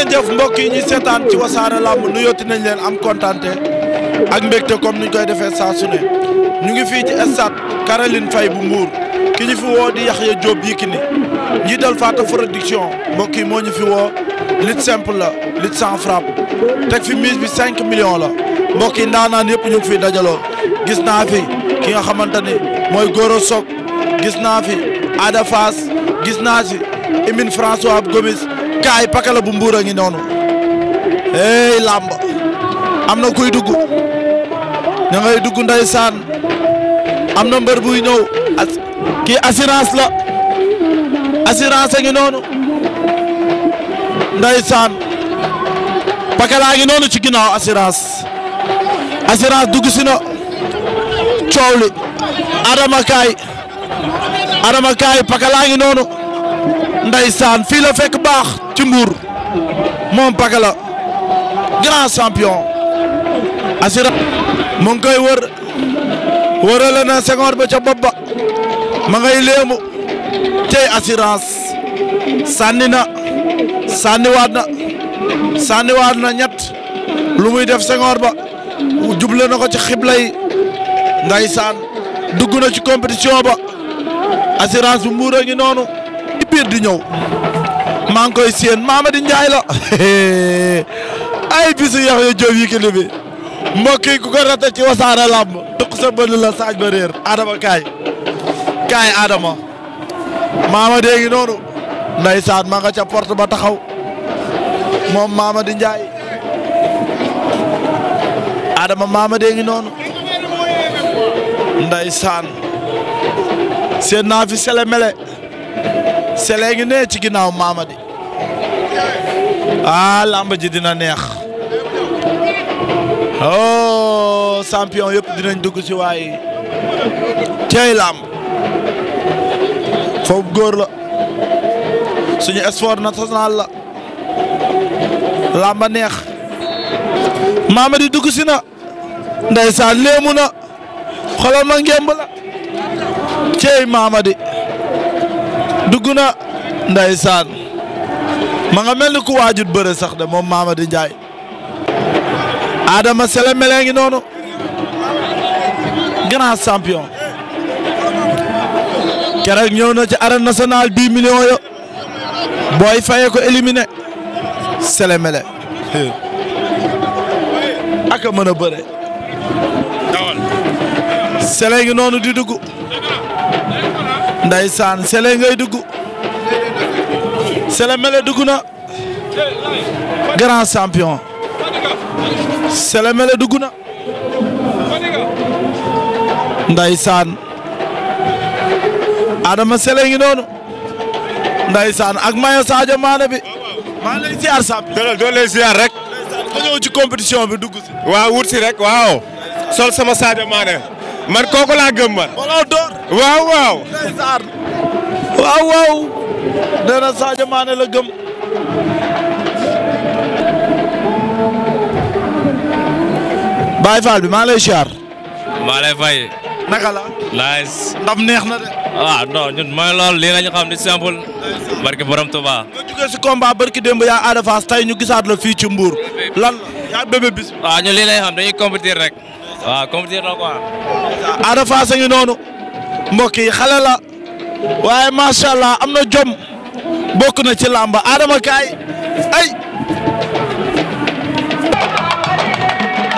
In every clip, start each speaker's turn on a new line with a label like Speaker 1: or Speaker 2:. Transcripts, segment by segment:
Speaker 1: ngeen jëf mbokk yi ñuy seetaan ci wasaare làmb nu yotti nañ leen am kontaan ak mbégte comme niñ koy defee saa su ñu ngi fii ci stade Caroline Faye bu Mbour ki ñu fi woo di Yaxya Diop Yékini njiital Faata production mbokk yi moo ñu fi woo lutte simple la lutte sans frappe teg fi mise bi 5 la mbokk yi ndaanaan yëpp ñu ngi fiy dajaloo gis naa fi ki nga xamante ni mooy Goro Sock gis naa fi Ada Fass gis naa si Emine François Gomis kaay pakala bu mbuur a ngi noonu hey làmb am na kuy dugg ña ngay dugg ndeysaan am na mbër buy ñëw kii assurance la
Speaker 2: assurance a ngi noonu
Speaker 1: ndeysaan pakala a ngi noonu ci ginnaaw assurance assurance dugg coow li adama kaay adama kaay pakala a ngi noonu Ndeysaan fii la fekk baax ci Mbour moom Pakala grand champion asira mu ngi koy wër wërale na ba ca bopp ba ma ngay léemu tey assurance sànni na
Speaker 2: sànniwaat na sànniwaat na
Speaker 1: ñett lu muy def Senghor ba juble na ko ci xiblay yi ndeysaan dugg na ci compétition ba assurance bu Mbour a ngi noonu biir di ñëw maa ngi koy séen Mamady Ndiaye la ay bisu yax ya Diop bi mbokk ku ko ci Wassare Lamb dëkk sa bënn la saaj ba réer Adama kaay kaay Adama Mamady ngi noonu ndeysaan ma nga ca porte ba taxaw moom Mamady Ndiaye Adama Mamady ngi noonu ndeysaan seen naa fi sele mele sele ngi ne ci ginnaaw Mamadi ah lamba ji dina neex oh champion yëpp dinañ dugg si waaye cey làmb foofu góor la suñu sport national la làmba neex Mamadi dugg si na ndeysaan léemu na xoolal ma ngemb la cey dugg na ndeysaan ma nga mel ni ku waajut bëre sax de moom Mamady Ndiaye Adama Sele melee ngi noonu grand champion keroog ñëw na ci arène nationale 10 millions yo booy faye ko éliminé Sele aka mën a bëre noonu di dugg day saan sele ngay dugg
Speaker 2: sele mele dugg na grand champion sele
Speaker 1: mele dugg na day Ndeysaan Adama sele ngi noonu Ndeysaan ak Mayo Sadio Mané bi maa ngi lay ziar rek. nga ñëw ci compétition bi dugg si. waaw wut si rek waaw. sol sama Sadio Mané. man kooku laa gëm waaw waaw. nee na Sadio Mané la gëm. Baye Fall bi maa lay fay. naka la. nice. ndam neex na de.
Speaker 3: ah non ñun mooy loolu lii ñu xam ni simple. barke borom Touba. nga
Speaker 1: jugee yaa Ada Fass tey ñu gisaat la fii ci Mbour. lan la yaa bébé bis.
Speaker 3: waaw ah, ñun lii lay xam dañuy compétir rek. waaw compétir na quoi.
Speaker 1: Ada Fass a ngi noonu mbokk yi xale la waaye macha allah am na jom bokk na ci làmba Adama kaay ay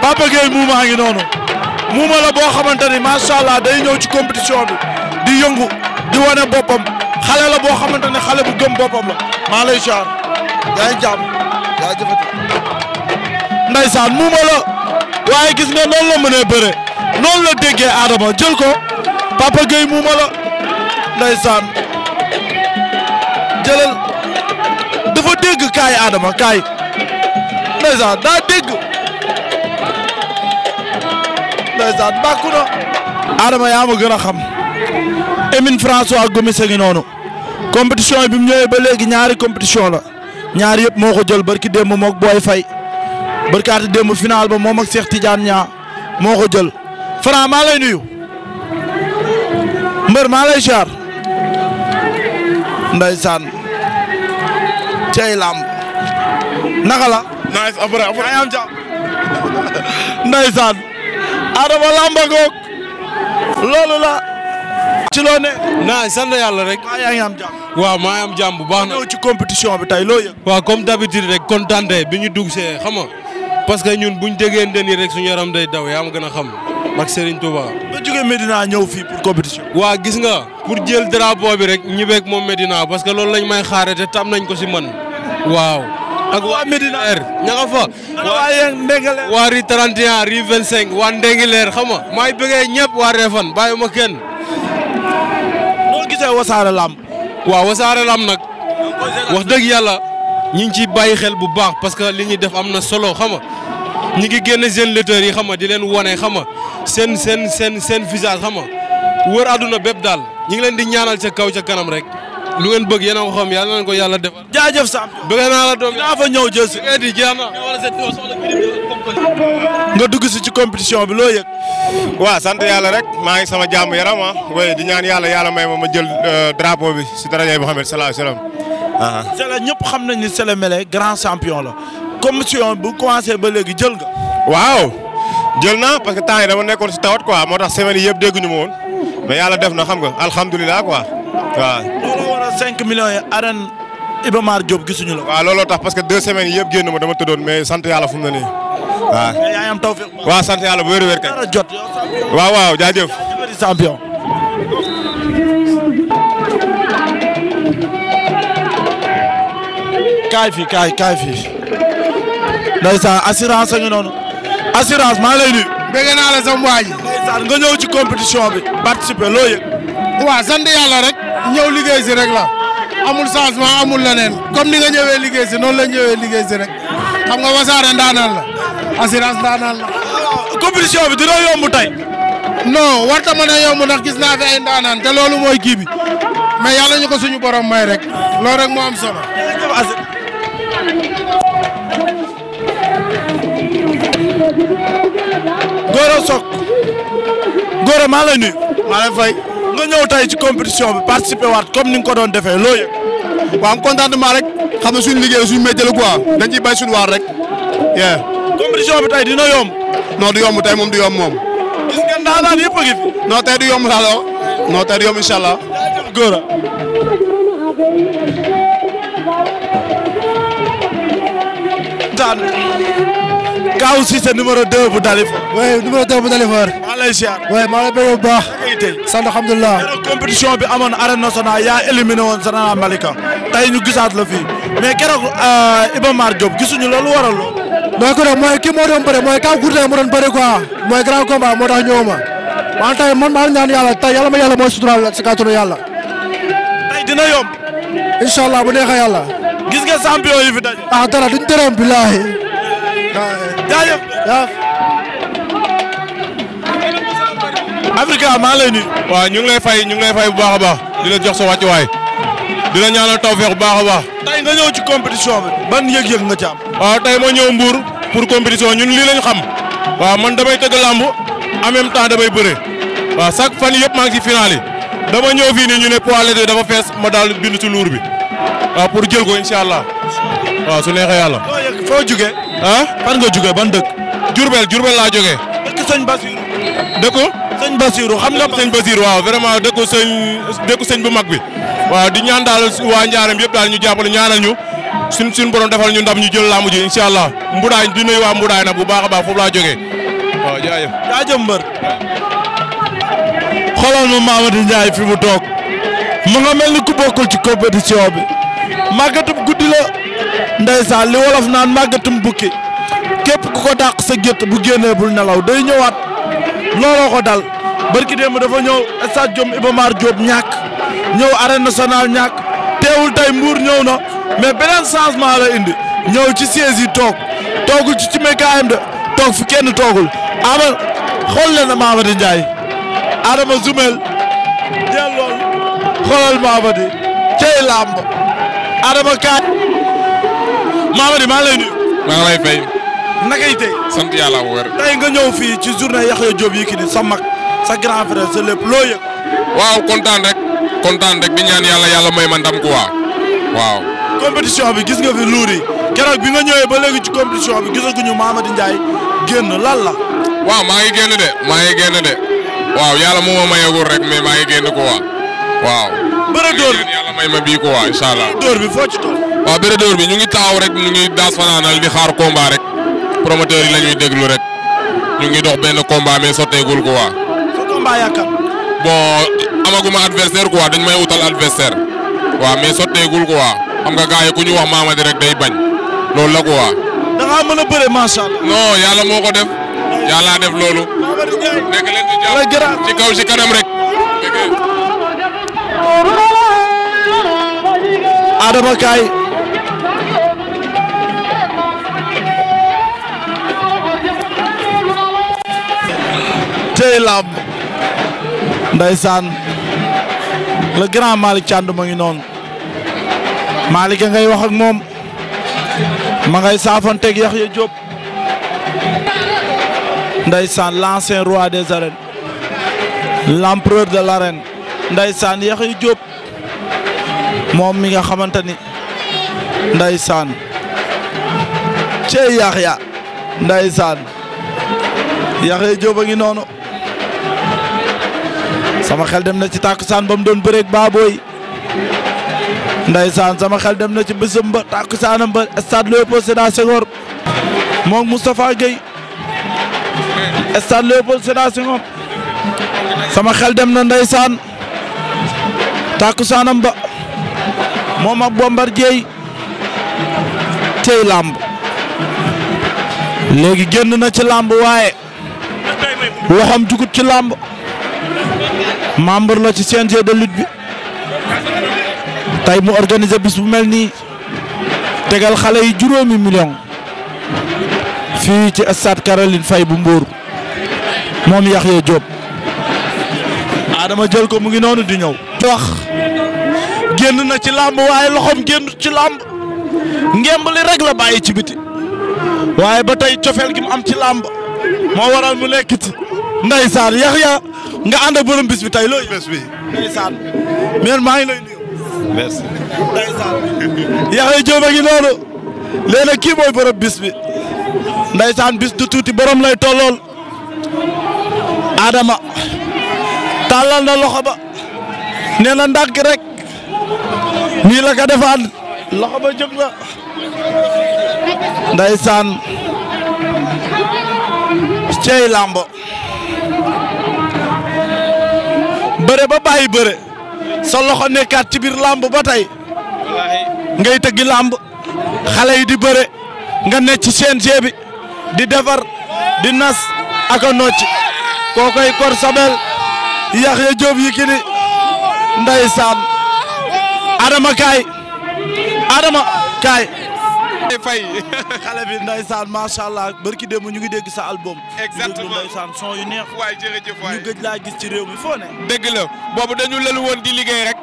Speaker 1: Papa Gueye muuma noonu muuma la boo xamante ni macha day ñëw ci compétition bi di yëngu di wane boppam xale la boo xamante ne xale bu gëm boppam la maa lay jaar yaa ngi jàmm yaa muuma la. waaye gis nga noonu la mënee bëre noonu la déggee Adama jël ko Papa Gueye muuma la ndeysaan jëlal dafa dégg kaay Adama kaay ndeysaan daa dégg ndeysaan bàkku na Adama yaa ma gën a xam Emine François Gomis a ngi noonu compétition bi mu ñëwee ba léegi ñaari compétition la ñaari yëpp moo ko jël barki démb mook Boy Faye barkaati démb final ba moom ak seex Tidiane ñaa moo ko jël Franc maa lay nuyu mbër maa lay siyaar ndeysaan cey làmb naka la nice après après
Speaker 3: goog loolu la ci loo naa sant yàlla rek maa yaa ngi am jàmm waaw maa ngi am bu baax na ñëw ci compétition bi tey loo yëg comme d'habitude rek kontaan bi ñu dugg see xam parce que ñun buñ déggante nii rek suñu yaram day daw yaa ma gën a xam ak Serigne Touba. Medina ñëw fii pour compétition. waa gis nga pour jël drapeau bi rek ñibeeg moom Medina parce que loolu lañ may xaaree te tam nañ ko si man waaw. ak waa Medina R ña waa yéen Ndengaleer waa Rue 31 waa Ndengaleer xam nga. maay bëggee ñëpp waa Réfane bàyyi ma kenn. wax dëgg yàlla. ñi ngi ciy bàyyi xel bu baax parce que li ñuy def am na solo xam nga ñi ngi génn seen lutteurs yi xam nga di leen wane xam nga seen seen seen seen visage xam nga wër àdduna bépp daal ñi ngi leen di ñaanal ca kaw ca kanam rek lu ngeen bëgg yéen a ko xam yàlla nañ ko yàlla defal. jaajëf Sam. bëgg naa la doom dinaa fa ñëw jël si. di jeex nga dugg si ci compétition bi loo yëg. waaw sant yàlla rek maa ngi sama jàmm yaram ah. di ñaan yàlla yàlla may ma ma jël
Speaker 1: euh, drapeau bi si daraja Muhammad sallallahu alayhi wasallam Sélé ah. ñëpp xam nañ ni Sélé Mélé grand champion la comme commission bu commencé ba léegi jël nga. waaw jël na parce que temps yi dama nekkoon si tawat quoi moo tax semaine yii yëpp dégguñu ma woon mais yàlla def na xam nga alhamdulilah quoi waaw. loolu war a 5 millions yi arène Iba Mar Diop gisuñu la. waaw looloo tax parce que deux semaines yëpp génn ma dama tëddoon mais sant yàlla fu mu ne nii waaw. mais yaa ngi am tawfeex. waaw kay. waaw waaw jaajëf. kaay fii kaay fii ndeysaan assurance a ngi noonu assurance maa ngi lay nuyu. bëgg naa la sama waa ji. ndeysaan nga ñëw ci compétition bi. participer loo yëg. waaw sant yàlla rek. ñëw liggéey si rek la. amul changement amul leneen comme ni nga ñëwee liggéey si noonu la ñëwee si rek xam nga wasaare ndaanaan la assurance ndaanaan la. compétition bi dina yomb tey. non warta mën a yomb ndax gis naa fi ay ndaanaan te loolu mooy kii bi
Speaker 3: mais yàlla ñu ko borom may rek loolu rek moo
Speaker 2: Gora Sock
Speaker 1: Gora maa lay nuyu. maa lay fay. nga ñëw tey ci compétition bi participer waat comme ni nga ko doon defee loo yëg. waaw am contentement rek xam ne suñu liggéey suñu métier la quoi bay suñu waar rek. yeah. compétition bi tey dina yomb. non du yomb tey moom du yomb moom. gis nga ndaanaan yëpp a ngi fi. non tey du yomb laa du yomb incha
Speaker 2: kontaan Kaaw
Speaker 1: Cissé numéro 2 bu Dalif. oui numéro 2 bu Dalif waar. maa lay ziar. oui maa lay bëgg bu bi amoon arène nationale yaa éliminé woon Général Malika tey ñu gisaat la fi mais keroog euh, Iba Mar Diop gisuñu loolu waral lool. donc nag mooy ki moo doon bëre mooy Kaaw Gourdin moo doon bëre quoi mooy grand combat moo tax ñëw ma man tey man maa ñaan yàlla tey yàlla ma yàlla mooy suturaal si kàttanu yàlla. tey dina yomb. incha bu neexee yàlla. gis nga champion yi fi daje. ah dara duñ dërëm billahi. jaajëf jaajëf. Africa maa lay nuyu. waaw ñu ngi lay fay ñu ngi lay fay bu baax a baax di
Speaker 3: la jox sa wàccuwaay di la taw tawfeex bu baax a baax. tey nga ñëw ci compétition bi. ban yëg-yëg nga ci am. waaw tey ma ñëw mbuur pour compétition ñun lii lañu xam. waaw man damay tëgg làmb en même temps damay bëre waa chaque fan yëpp maa ngi ci final yi dama ñëw fii nii ñu ne poids léger dafa fees ma daal bind ci luur bi. waaw ah, pour jël ko incha allah waaw su neexee yàlla. foo jugee. ah fan nga jugee ban dëkk. Diourbel Diourbel laa jógee. dëkk sëñ Basirou. dëkku. sëñ Basirou xam nga. sëñ Basirou waaw vraiment dëkku sëñ dëkku sëñ bu mag bi. waaw di ñaan daal waa Njaareem yëpp daal ñu jàppale ñaanal ñu suñ suñ borom defal ñu ndam ñu jël laamu ji incha allah mbudaay di waa mbudaay nag bu baax a baax foofu laa jógee waaw jaajëf. jaajëf mbër. xoolal ma Mamadou Ndiaye fi mu toog
Speaker 1: mu nga mel ni ku bokkul ci màggatum guddi la ndeysaan li wolof naan màggatum bukki képp ko dàq sa gétt bu génnee nelaw day ñëwaat looloo ko dal barki démb dafa ñëw stade Diom Iba Mar Diop ñàkk ñëw arène nationale ñàkk teewul tey mbuur ñëw na mais beneen changement la indi ñëw ci siège yi toog toogul ci ci mekaayam de toog fi kenn toogul ama xool leen Mamady Ndiaye Adama Zoumel jël lool xoolal Mamady cey làmb Adama Kaat Mamady maa lay nuyu. maa ngi lay fay. nakay tey.
Speaker 3: sant yàlla bu wér.
Speaker 1: tey nga ñëw fii ci journée Yaxya Diop Yékini sa mag sa grand frère sa lépp loo yëg. waaw kontaan rek. kontaan rek di ñaan yàlla yàlla may ma ndam quoi waaw. compétition bi gis nga fi luur yi bi nga ñëwee ba léegi ci compétition bi gisaguñu Mamady Ndiaye génn lan la. waaw maa ngi
Speaker 3: génn de. maa ngi de waaw yàlla moo ma mayagul rek mais maa ngi ko quoi waaw. bëre dóor bi bi ñu ngi taaw rek ñu ngi daas fanaanal di xaar combat rek promoteur yi la ñuy déglu rek ñu ngi dox benn combat mais sotteegul ko waa. sa combat yaakaar. bon amaguma adversaire dañ may utal adversaire waaw mais sotteegul ko waa xam nga gars yi ku ñu wax Mamady rek day bañ loolu la ko waa. non yàlla moo ko def. yàlla def loolu. nekk leen di kaw ci kanam rek.
Speaker 1: Adama kaay tey le grand Malick Thiandoum ma ngi noonu Malick ngay wax ak moom ma ngay saafanteeg Yaxya Diop ndeysaan l'ancien roi des arènes l'empereur de l'arène Ndeysaan Yaxya Diop moom mi nga xamante ni Ndeysaan cey Yaxya Ndeysaan Yaxya Diop a ngi noonu sama xel dem na ci tàkkusaan ba mu doon bëreeg baabooy Ndeysaan sama xel dem na ci bésam ba tàkkusaanam ba stade Léopold Sédar Senghor moom Moustapha Gueye stade Léopold Sédar Senghor sama xel dem na Ndeysaan takkusaanam ba moom ak Bombardier tey làmb léegi génn na ci làmb waaye waxam jugut ci làmb membre la ci CNG de lutte bi tey mu organiser bis bu mel nii tegal xale yi juróomi million fii ci stade Caroline Faye bu Mbour moom Yaxya Diop Adama jël ko mu ngi noonu di ñëw dox génn na ci làmb waaye loxoom génn ci làmb ngemb li rek la bàyyi ci biti waaye ba tey cofeel gi mu am ci làmb moo waral mu nekkit ndeysaan Yaxya nga ànd bis bi tey looy bés bi maa ngi lay nuyu merci noonu léegi kii borom bis bi ndeysaan bis du tuuti borom lay tollool Adama tàllal na loxo ba nee na ndànk rek nii la ko loxo ba jóg na ndeysaan cey làmb bëre ba bàyyi bëre sa loxo nekkaat ci biir làmb ba tey ngay tëggi làmb xale yi di bëre nga nekk ci CNG bi di defar di nas ak a nocc kookoy Kor Sabel Yaxya Jóob Yékini ndeysaan Adama kaay Adama kaay fay xale bi ndeysaan macha allah barki démb ñu ngi dégg sa album. exactement ndeysaan son yu
Speaker 3: neex. waay jërëjëf waay ñu gëj laa gis ci réew mi foo ne. dëgg la boobu dañu lëlu woon di liggéey rek.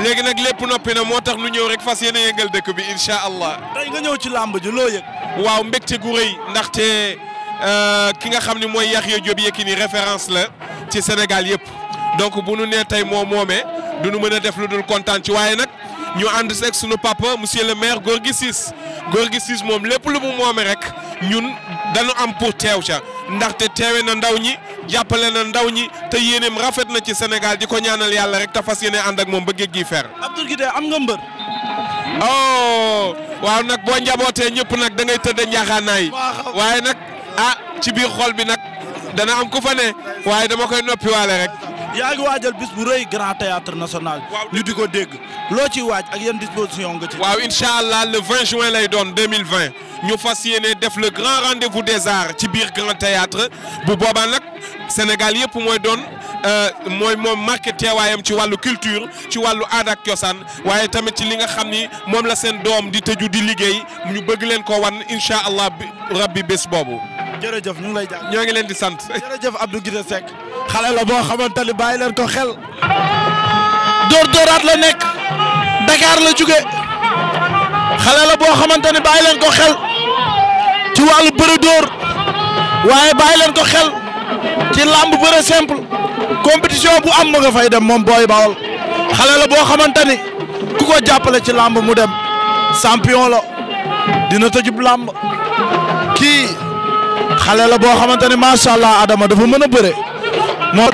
Speaker 3: léegi nag lépp noppi na moo tax nu ñëw rek fas yéene yëngal dëkk bi incha allah. tey nga ñëw ci làmb ji loo yëg. waaw mbégte gu rëy ndaxte euh, ki nga xam ne mooy yax Yaxya Diop ni référence la ci Sénégal yëpp donc bu nu nee tey moo moomee. du nu mën a def lu dul kontaan ci waaye nag ñu ànd seeg sunu papa monsieur le maire Gorgui Ciss Gorgui Ciss moom lépp lu mu moome rek ñun dañu am pour teew ca ndaxte teewe na ndaw ñi jàppale na ndaw ñi te yéeneem rafet na ci Sénégal di ko ñaanal yàlla rek te fas yéene ànd ak moom ba géej gi fer. Abdoul Guité am nga mbër. oh waaw nag boo njabootee ñëpp nag da ngay tëdd njaaxaanaay waaye nag ah ci biir xool bi nag dana am ku fa
Speaker 1: ne waaye dama koy noppiwaale rek. yaa ngi waajal bis bu rëy grand théâtre national. ñu di ko
Speaker 3: dégg loo ciy waaj ak yan disposition nga ci. waaw incha allah le 20 juin lay doon 2020 ñu fas yéene def le grand rendez des arts ci biir grand théâtre bu boobaa nag Sénégal yëpp mooy doon. Euh, mooy moom marqué teewaayam ci wàllu culture ci wàllu aada ak cosaan waaye tamit ci li nga xam ni moom la seen doom di tëju di liggéey ñu bëgg leen ko wan incha allah rabbi bés boobu. jërëjëf ñu ngi lay jàpp ñoo ngi leen di sant. jërëjëf Abdou
Speaker 1: xale la boo xamante ni bàyyi leen ko xel dóor dóoraat la nekk Dakar la jóge xale la boo xamante ni bàyyi leen ko xel ci wàllu bëre dóor waaye bàyyi leen ko xel ci làmb bëre simple compétition bu am ma nga fay dem moom booy Baol xale la boo xamante ni ku ko jàppale ci làmb mu dem champion la dina tëjub làmb kii xale la boo xamante ni macha allah Adama dafa mën a bëre. moo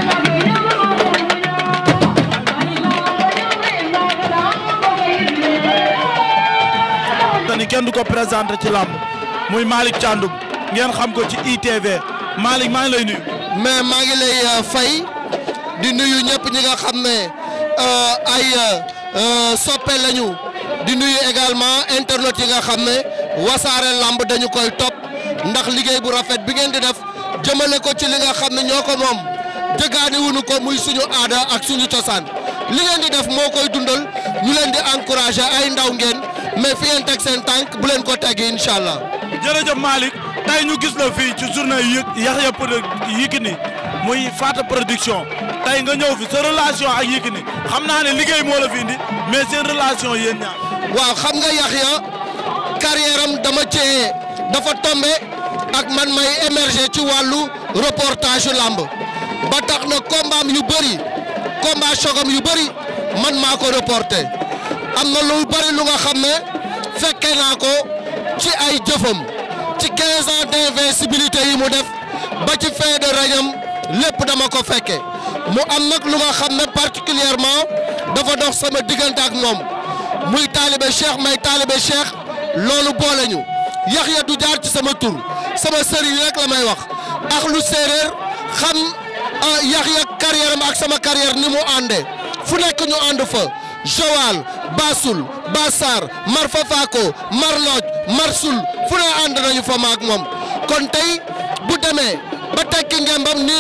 Speaker 1: ni kenn du ko présenté ci làmb muy Malick Thiandoum ngeen xam ko ci ITV Malick maa ngi lay nuyu mais
Speaker 2: maa ngi lay euh, fay di nuyu ñëpp ñi nga xam ne euh, ay euh, soppe lañu di nuyu également internet yi nga xam ne wasaare lamb dañu koy topp ndax liggéey bu rafet bi ngeen di def jëmale ko ci li nga xam ne ñoo ko moom jëgaani wuñu ko muy suñu aada ak suñu cosaan li ngeen di def moo koy dundal ñu leen di encouragé ay ndaw ngeen mais fi ngeen teg seen tànk bu leen ko teggi incha
Speaker 1: allah. jërëjëf Malick tey ñu gis la fii ci journée yi Yaxya Yékini muy Faata production tey nga ñëw fi sa relation ak Yékini xam naa ne liggéey moo la fi indi
Speaker 2: mais seen relation yéen ñaar. waaw xam nga Yaxya carrière am dama cee dafa tombé ak man may émerger ci wàllu reportage lamb. ba tax na combat am yu bëri combat chocam yu bëri man maa ko reporté am na lu bëri lu nga xam ne fekke naa ko ci ay jëfam ci 15 ans d'invincibilité yi mu def ba ci fin de règne lépp dama ko fekke mu am nag lu nga xam ne particulièrement dafa dox sama diggante ak moom muy taalibe cheikh may taalibe cheikh loolu boole ñu Yaxya du jaar ci sama tur sama sëriñ rek la may wax ak lu séeréer xam Yaxya carrière am ak sama carrière ni mu àndee fu nekk ñu ànd fa Joal Basul Basar Marfa Fako Marloj Marsul fu ne ànd nañu fa maak moom kon tey bu demee ba tekki ngembam ni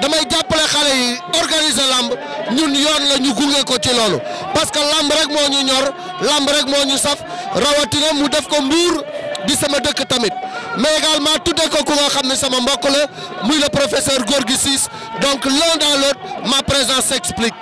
Speaker 2: damay jàppale xale yi organiser lamb ñun yoon la ñu gunge ko ci loolu parce que lamb rek moo ñu ñor lamb rek moo ñu saf rawatina mu def ko mbuur di sama dëkk tamit mais également tout ko ku nga xam ne sama mbokk la muy le professeur Gorgui Ciss donc l'un dans l'autre ma présence s'explique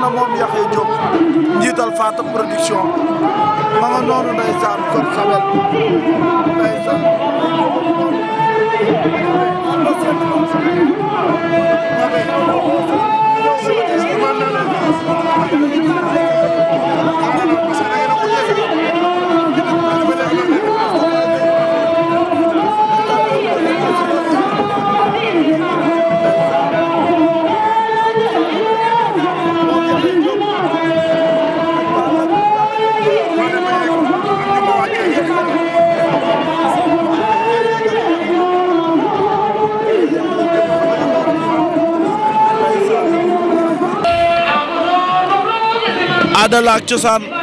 Speaker 1: na moom Yaxya Diop njiital Faata production
Speaker 2: ma nga noonu ndeysaan kon xabal ndeysaan Thank you.
Speaker 1: aada la ak cosaan